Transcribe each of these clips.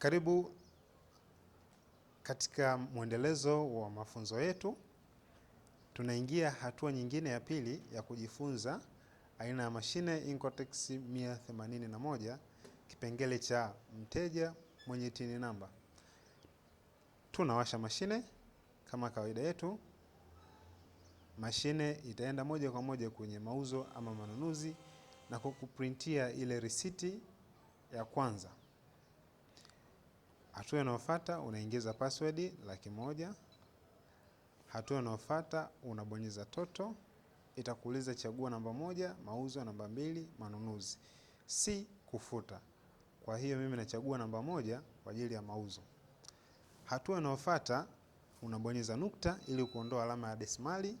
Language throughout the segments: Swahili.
Karibu katika mwendelezo wa mafunzo yetu, tunaingia hatua nyingine ya pili ya kujifunza aina ya mashine Incotex 181 kipengele cha mteja mwenye tini namba. Tunawasha mashine kama kawaida yetu. Mashine itaenda moja kwa moja kwenye mauzo ama manunuzi na kukuprintia ile risiti ya kwanza. Hatua inayofuata unaingiza password laki moja. Hatua inayofuata unabonyeza toto, itakuuliza chagua namba moja, mauzo namba mbili, manunuzi, si kufuta. Kwa hiyo mimi nachagua namba moja kwa ajili ya mauzo. Hatua inayofuata unabonyeza nukta ili kuondoa alama ya desimali.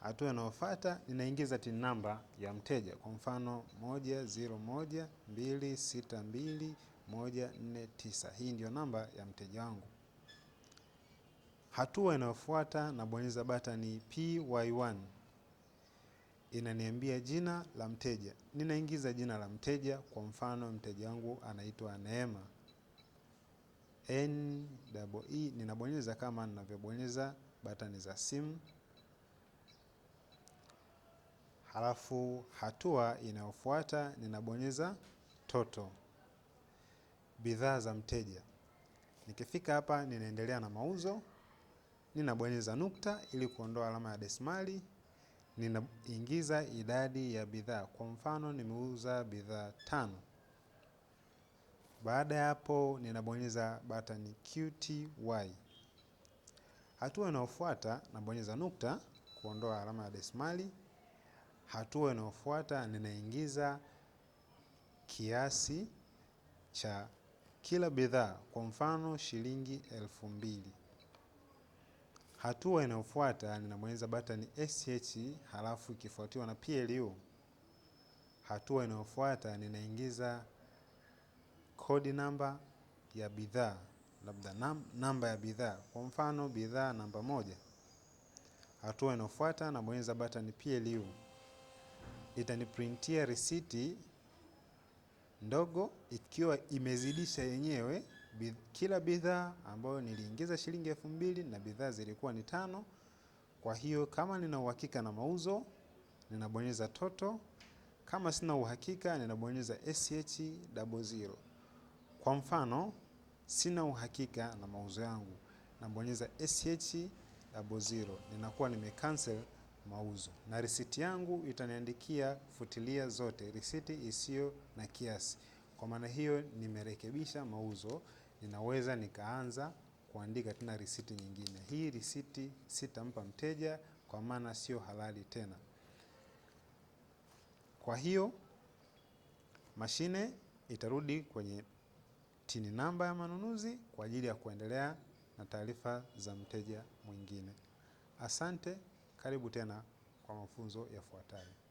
Hatua inayofuata ninaingiza TIN namba ya mteja, kwa mfano moja ziro moja mbili sita mbili 149. Hii ndiyo namba ya mteja wangu. Hatua inayofuata nabonyeza batani PY1, inaniambia jina la mteja. Ninaingiza jina la mteja, kwa mfano mteja wangu anaitwa Neema e, e. Ninabonyeza kama ninavyobonyeza batani za simu. Halafu hatua inayofuata ninabonyeza toto bidhaa za mteja. Nikifika hapa ninaendelea na mauzo, ninabonyeza nukta ili kuondoa alama ya desimali, ninaingiza idadi ya bidhaa. Kwa mfano nimeuza bidhaa tano. Baada ya hapo ninabonyeza button QTY. Hatua inayofuata nabonyeza nukta kuondoa alama ya desimali. Hatua inayofuata ninaingiza kiasi cha kila bidhaa, kwa mfano shilingi elfu mbili. Hatua inayofuata ninabonyeza batani SH halafu ikifuatiwa na PLU. Hatua inayofuata ninaingiza kodi namba ya bidhaa, labda nam, namba ya bidhaa, kwa mfano bidhaa namba moja. Hatua inayofuata nabonyeza batani PLU, itaniprintia risiti ndogo ikiwa imezidisha yenyewe kila bidhaa ambayo niliingiza shilingi elfu mbili na bidhaa zilikuwa ni tano. Kwa hiyo kama nina uhakika na mauzo ninabonyeza toto, kama sina uhakika ninabonyeza sh double zero. Kwa mfano sina uhakika na mauzo yangu, nabonyeza sh double zero, ninakuwa cancel mauzo, na risiti yangu itaniandikia futilia zote, risiti isiyo na kiasi. Kwa maana hiyo nimerekebisha mauzo, ninaweza nikaanza kuandika tena risiti nyingine. Hii risiti sitampa mteja kwa maana sio halali tena. Kwa hiyo mashine itarudi kwenye tini namba ya manunuzi kwa ajili ya kuendelea na taarifa za mteja mwingine. Asante. Karibu tena kwa mafunzo yafuatayo.